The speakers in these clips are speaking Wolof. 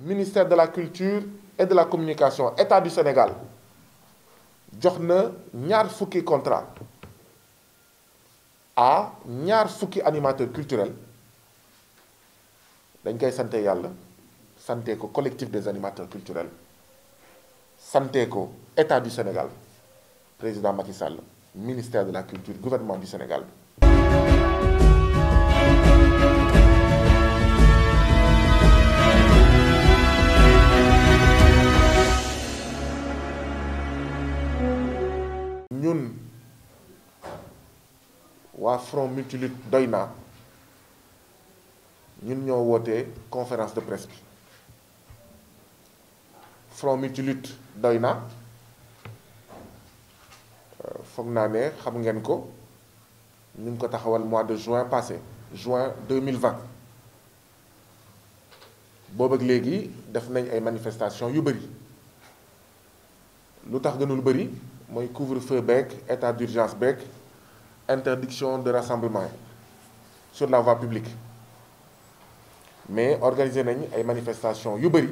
ministère de la culture et de la communication état du Sénégal jox na ñaar fukki contrat à ñaar fukki animateur culturel dañ koy sante yàlla sante ko collectif des animateurs culturels sante ko état du Sénégal président Macky Sall ministère de la culture gouvernement du Sénégal front multilutte doy naa ñun ñoo wootee conférence de presse bi front multilutte doy na euh, foog naa ne xam ngeen ko ñu ngi ko taxawal mois de juin passé juin 2020 boobu ak léegi def nañ ay manifestation yu bëri lu tax gënul bëri mooy couvre-feu beeg état d'urgence beeg interdiction de rassemblement sur la voie mais organiser nañ ay manifestation yu bëri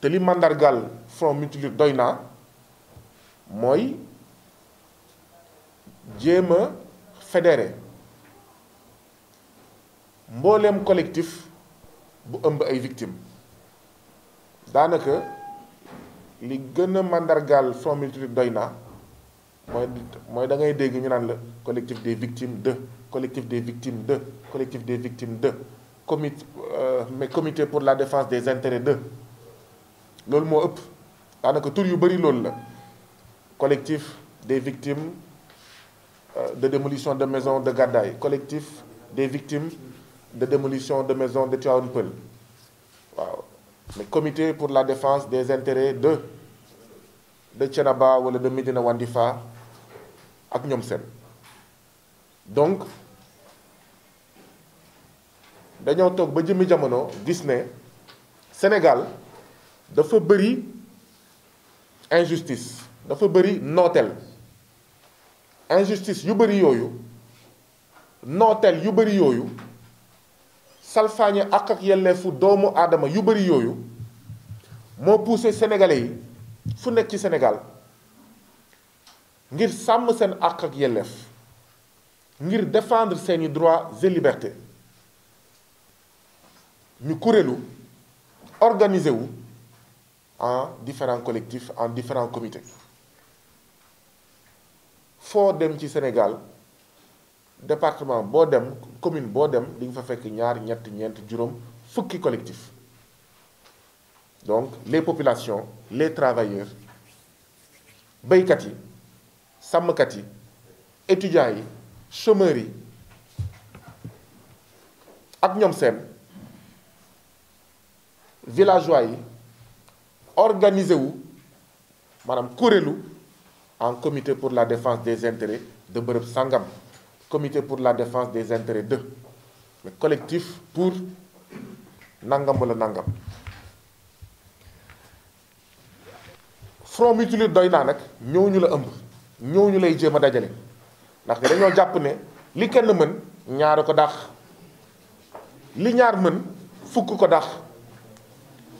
te li mandargal front multilutte doy naa mooy jéem a fédéré mbooleem collectif bu ëmb ay victimes daanaka li gën a mandargal front multilutte doy naa mooy mooy da ngay dégg ñu naan la collectif des victimes de collectif des victimes de collectif des victimes de comité euh, mais comité pour la défense des intérêts de loolu moo ëpp daanaka tur yu bëri loolu la euh, collectif des victimes de démolition de maison de Gadaye collectif des victimes de démolition de maison de Tivaouane Peulh waaw mais comité pour la défence des intérêts de de Thiénaba wala de Médina Wandifa ak ñoom seen donc dañoo toog ba jëmmi jamono gis ne Sénégal dafa bëri injustice dafa bëri nooteel injustice yu bëri yooyu nooteel yu bari yooyu salfaañe ak ak yelleefu doomu aadama yu bari yooyu moo poussé sénégalais yi fu nekk ci Sénégal ngir sàmm seen àq ak yelleef ngir défendre seeni droits et libertés ñu kuréelu organiser wu en différents collectifs en différent comités foo dem ci Sénégal departement boo dem commune boo dem di nga fa fekk ñaar ñett ñeent juróom fukki collectif donc les populations les travailleurs béykat yi sàmmkat yi étudiants yi chômeurs yi ak ñoom seen villageois yi organiser wu maanaam kuréelu en comité pour la défense des intérêts de bërëb sangam comité pour la défense des intérêts de le collectif pour nangam wala nangam. front mutuelle doy naa nag ñëw ñu la ëmb. ñooñu lay jéem a dajale ndax dañoo jàpp ne li kenn mën ñaar ko dax li ñaar mën fukk ko dàq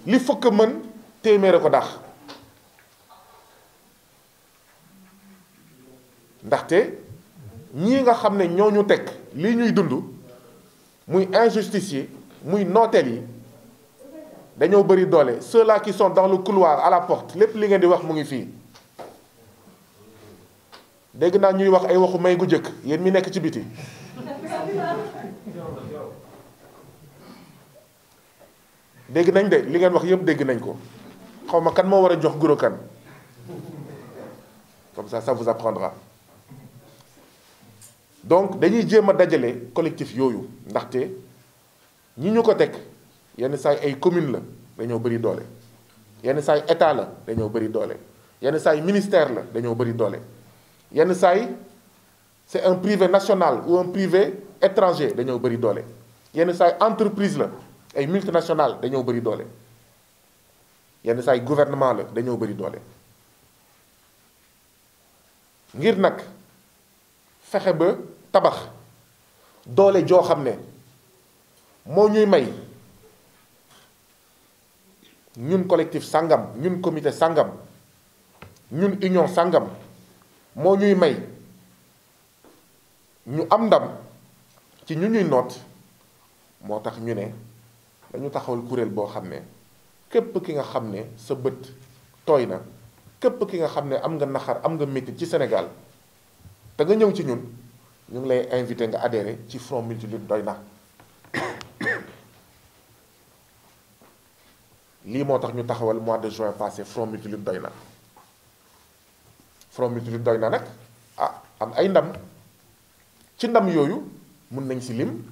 li fukk mën téeméer ko dax ndaxte ñii nga xam ne ñoo ñu teg lii ñuy dund muy injustice yi muy nooteel yi dañoo bari doole ceux-là qui sont dans le couloir à la porte lépp li ngeen di wax mu ngi fii dégg naa ñuy wax ay waxu may gu jëkk yéen mi nekk ci biti dégg nañ de li ngeen wax yëpp dégg nañ ko xaw ma kan moo war a jox guro kan comme ça ça vous donc dañuy jéem a dajale collectif yooyu ndaxte ñi ñu ko teg yenn saay ay commune la dañoo bëri doole yenn saay état la dañoo bëri doole yenn saay ministère la dañoo bëri doole yenn saa yi c'est un privé national ou un privé étranger dañoo bëri doole yenn saa yi entreprise la ay multinationale dañoo bëri doole yenn saa gouvernement la dañoo bëri doole ngir nag fexe ba tabax doole joo xam ne moo ñuy may ñun collectif sàngam ñun comité sàngam ñun union sàngam moo ñuy may ñu am ndam ci ñu ñuy noot moo tax ñu ne dañu taxawal kuréel boo xam ne képp ki nga xam ne sa bët tooy na képp ki nga xam ne am nga naxar am nga métit ci Sénégal te nga ñëw ci ñun ñu ngi lay invité nga adhéré ci Front Multilutte doy na lii moo tax ñu taxawal mois de juin passé Front Multilutte doy na Front Multitude doy na nag ah am ay ndam ci ndam yooyu mun nañ si lim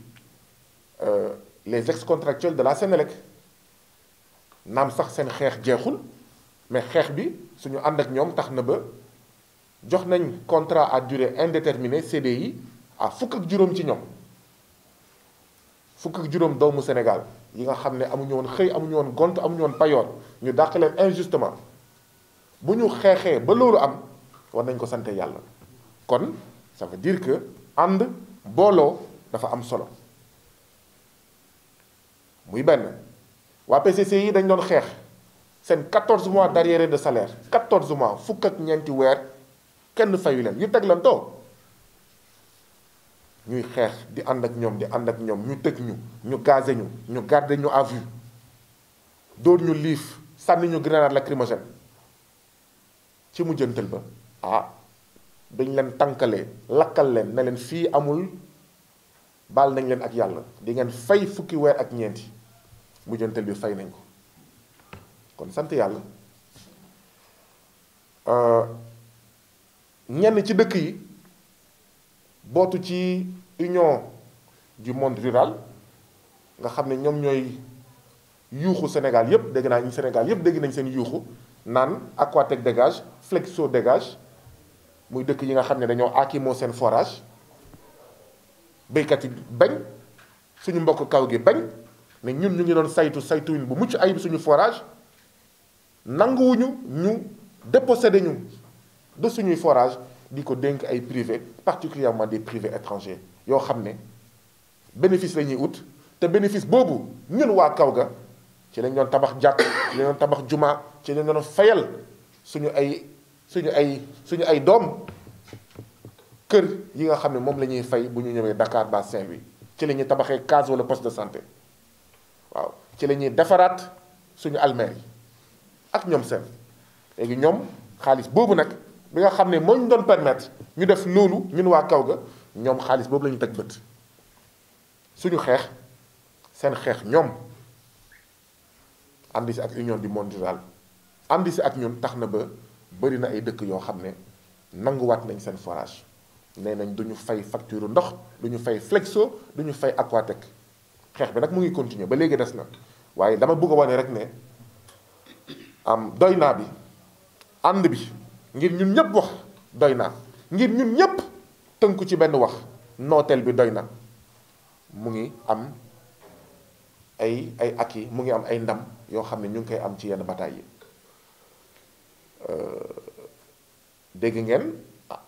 euh, les ex-contractuels de la Sénélec naam sax seen xeex jeexul mais xeex bi suñu ànd ak ñoom tax na ba jox nañ contrat à durée indéterminée CDI à fukk ak juróom ci ñoom fukk ak juróom doomu Sénégal yi nga xam ne amuñu woon xëy amuñu woon gont amuñu woon payoor ñu dàq leen injustement bu ñu xeexee ba loolu am. war nañ ko sante yàlla kon ça veut que ànd booloo dafa am solo muy benn waa PCC yi dañ doon xeex seen 14 mois d'arriéré de salaire 14 mois fukk ak ñeenti weer kenn fayu leen ñu teg leen too ñuy xeex di ànd ak ñoom di ànd ak ñoom ñu tëj ñu ñu gazé ñu ñu gardé ñu à vue dóor ñu liif sànniñu ñu grenade lacrymogène ci mujjantal ba ah dañ leen tànkalee lakkal leen ne leen fii amul baal nañ leen ak yàlla dingeen ngeen fay fukki weer ak ñeenti mujjantal bi fay nañ ko kon sant yàlla euh, ñenn ci dëkk yi bootu ci union du monde rural nga xam ne ñoom ñooy yuuxu Sénégal yépp dégg naa ñu Sénégal dégg nañ seen yuuxu naan Aquatech dégage Flexo dégage muy dëkk yi nga xam ne dañoo aakimoo seen forage béykat yi bañ suñu mbokk kaw gi bañ ne ñun ñu ngi doon saytu saytuwin bu mucc ayib suñu forage nanguwuñu ñu dépossédé ñu de suñuy forage di ko dénk ay privé particulièrement des privés étrangers yoo xam ne bénéfice la ñuy te bénéfice boobu ñun waa kaw ga ci lañ doon tabax jàkk ci lañ doon tabax jumaa ci lañ doon fayal suñu ay suñu ay suñu ay doom kër yi nga xam ne moom la ñuy fay bu ñu ñëwee dakaar ba Saint-Louis ci la ñuy tabaxee case wala poste santé waaw ci lañuy defaraat suñu almeer yi ak ñoom seen léegi ñoom xaalis boobu nag bi nga xam ne moo ñu doon permettre ñu def loolu ñun waa kaw ga ñoom xaalis boobu la teg bët suñu xeex seen xeex ñoom ànd ak union du monde rural ànd si ak ñun tax na ba. bëri na ay dëkk yoo xam ne nanguwaat nañ seen forage nee nañ duñu fay facture ndox du ñu fay flexo du ñu fay aquatec xeex bi nag mu ngi continuer ba léegi des na waaye dama bëgg a wane rek ne am doy naa bi ànd bi ngir ñun ñëpp wax doy naa ngir ñun ñëpp tënku ci benn wax nooteel bi doy na mu ngi am ay ay acquis mu ngi am ay ndam yoo xam ne ñu ngi koy am ci yenn bataay yi. Euh, dégg ngeen ah,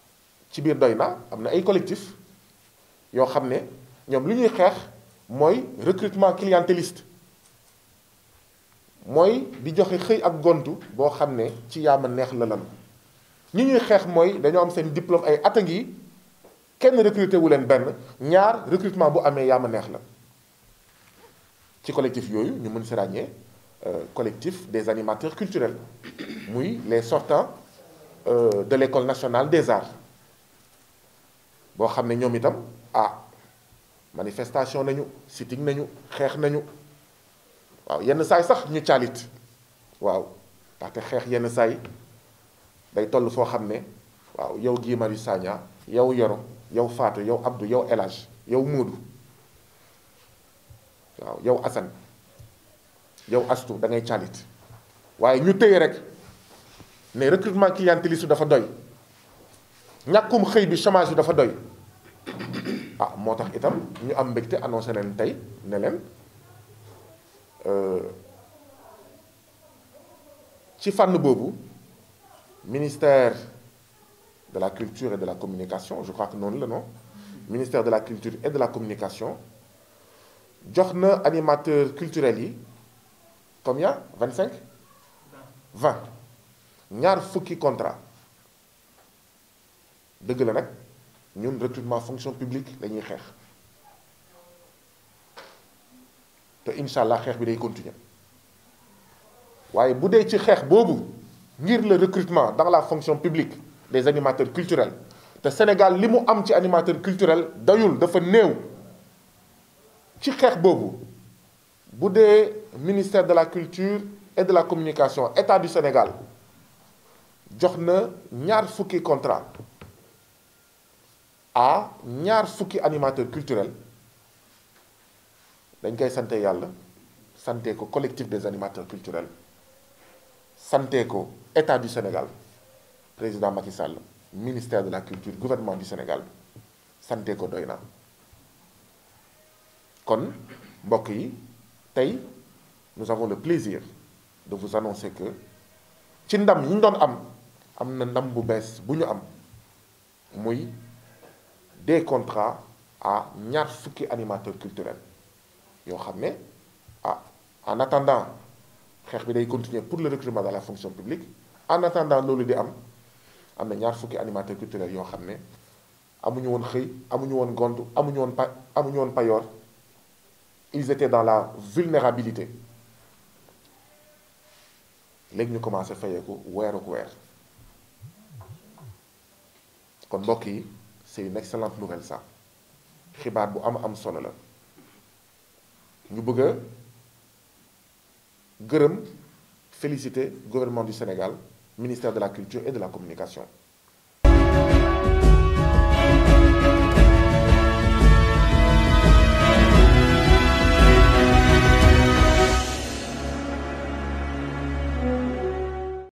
ci biir doy na am na ay collectif yoo xam ne ñoom li ñuy xeex mooy recrutement clientéliste mooy di joxe xëy ak gontu boo xam ne ci yaama neex la lan ñi ñuy xeex mooy dañoo am seen diplôme ay at a ngi kenn recruté wu leen benn ñaar recrutement bu amee yaama neex la ci collectif yooyu ñu mën si ràññee euh, collectif des animateurs culturels muy les sortants euh, de l'école nationale des arts boo xam ne ñoom itam ah manifestation nañu sitting nañu xeex nañu waaw yenn saay sax ñu caalit waaw ndaxte xeex yenn saay day toll foo xam ne waaw yow Guy Marius Sagna yow Yoro yow faatu yow Abdou yow El Hadj yow Moodu waaw yow Assane yow Astou da caalit waaye ñu téye rek mais recrutement clientéliste dafa doy ñàkkum xëy bi chômage bi dafa doy ah moo tax itam ñu am mbégte annoncé leen tey ne leen euh, ci fànn boobu ministère de la culture et de la communication je crois noonu la non ministère de la culture et de la communication jox na animateur culturel yi combien 25 20 ñaar fukki contrat dëgg la nag ñun recrutement fonction publique lañuy xeex te incha allah xeex bi day continuer waaye bu dee ci xeex boobu ngir le recrutement dans la fonction publique des animateurs culturels te Sénégal li mu am ci animateur culturel dayul dafa néew ci xeex boobu bu dee ministère de la culture et de la communication état du Sénégal jox na ñaar fukki contrat à ñaar fukki animateur culturel dañ koy sante yàlla sante ko collectif des animateurs culturels sante ko état du Sénégal président Macky Sall ministère de la culture gouvernement du Sénégal sante ko doy na kon mbokk yi tey nous avons le plaisir de vous annoncer que ci ndam yi doon am am na ndam bu bees bu ñu am muy des contrat à ñaar fukki animateur culturel yoo xam ne ah en attendant xeex bi day continuer pour le recrutement dans la fonction publique en attendant loolu di am am na ñaar fukki animateur culturel yoo xam ne amuñu woon xëy amuñu woon gont amuñu woon pa amuñu woon payoor ils dans la vulnérabilité léegi ñu commencé fayeeku weeru weer kon mbokk yi c'est une excellente nouvelle ça xibaar bu am am solo la ñu bëgg a gërëm féliciter gouvernement du Sénégal ministère de la culture et de la communication